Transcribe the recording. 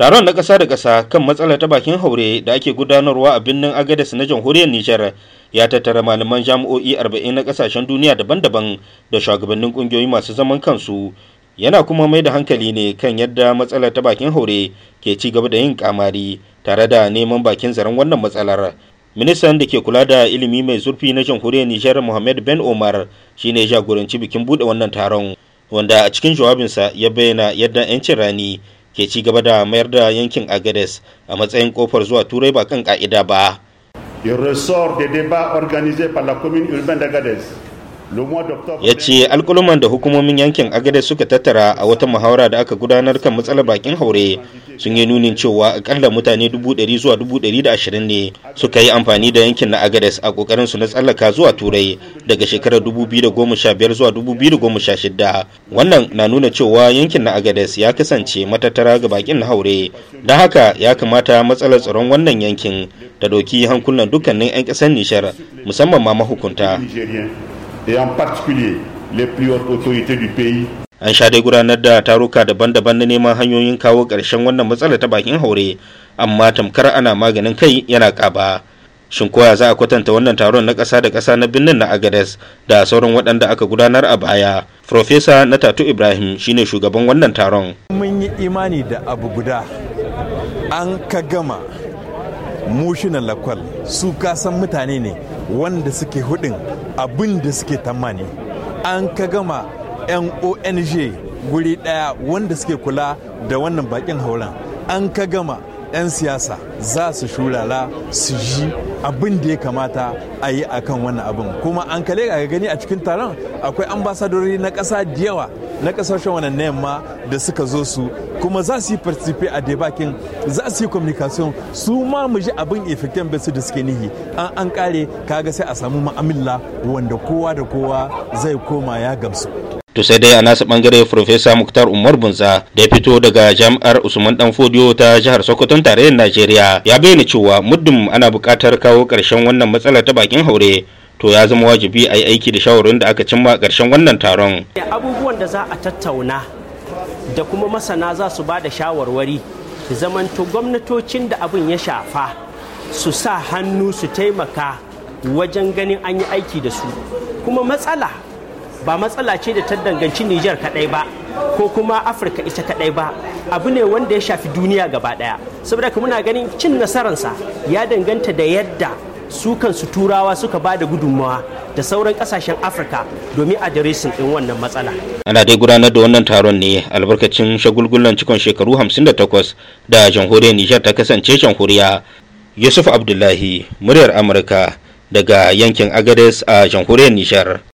taron na ƙasa da ƙasa kan matsalar ta bakin haure da ake gudanarwa a birnin agadas na jamhuriyar nijar ya tattara malaman jami'o'i arba'in na ƙasashen duniya daban-daban da shugabannin ƙungiyoyi masu zaman kansu yana kuma mai da hankali ne kan yadda matsalar ta bakin haure ke ci gaba da yin kamari tare da neman bakin zaren wannan matsalar ministan da ke kula da ilimi mai zurfi na jamhuriyar nijar mohammed ben omar shine jagoranci bikin buɗe wannan taron wanda a cikin jawabinsa ya bayyana yadda 'yancin rani ke ci gaba da mayar da yankin agades a matsayin kofar zuwa turai ba kan ka'ida ba. Il ressort des débats organisés par la commune urbaine d'Agadez ya ce alkuluman da hukumomin yankin agade suka tattara a wata muhawara da aka gudanar kan matsalar bakin haure sun yi nunin cewa akalla mutane 100 zuwa 120 ne suka yi amfani da yankin na agades a kokarin su na tsallaka zuwa turai daga shekarar 2015 zuwa 2016 wannan na nuna cewa yankin na agades ya kasance matattara ga bakin na haure da haka ya kamata matsalar tsaron wannan yankin da doki hankulan dukkanin 'yan ƙasar nishar musamman ma mahukunta et en particulier les plus hautes autorités du pays an sha dai gudanar da taruka daban-daban na neman hanyoyin kawo ƙarshen wannan matsala ta bakin haure amma tamkar ana maganin kai yana ƙaba shin koya za a kwatanta wannan taron na ƙasa da ƙasa na birnin na agades da sauran waɗanda aka gudanar a baya profesa na tatu ibrahim shine shugaban wannan taron mun yi imani da abu guda an ka gama mushinan lakwal su kasan mutane ne wanda suke hudin abin da suke tamani an ka gama yan ong guri daya wanda suke kula da wannan bakin hauran an ka gama 'yan siyasa za su shulala su ji abin da ya kamata a yi a kan wannan abin kuma an kale ga gani a cikin taron akwai ambasadori na ƙasa da yawa na ƙasashen wannan nema da suka zo su kuma za su yi participate a debakin za su yi communication su ma mu ji abin effectin su da suke nihi an an kare kaga sai a samu ma'amilla wanda kowa da kowa zai koma ya gamsu to sai dai a nasu bangare Profesa Muktar Umar Bunza da ya fito daga jami'ar Usman Dan Fodiyo ta jihar Sokoton tarayyar Najeriya ya bayyana cewa muddin ana buƙatar kawo ƙarshen wannan matsalar ta bakin haure to ya zama wajibi a yi aiki da shawarin da aka cimma ƙarshen wannan taron. Abubuwan da za a tattauna da kuma masana za su ba da shawarwari zamanto gwamnatocin da abin ya shafa su sa hannu su taimaka wajen ganin an yi aiki da su kuma matsala ba matsala ce da ta danganci Nijar kaɗai ba ko kuma Afirka ita kaɗai ba abu ne wanda ya shafi duniya gaba ɗaya saboda muna ganin cin nasararsa ya danganta da yadda su kansu turawa suka ba da gudunmawa da sauran kasashen afirka domin adiresin din wannan matsala ana dai gudanar da wannan taron ne albarkacin shagulgulan cikon shekaru 58 da jamhuriyar nijar ta kasance jamhuriya yusuf abdullahi muryar amurka daga yankin agades a jamhuriyar nijar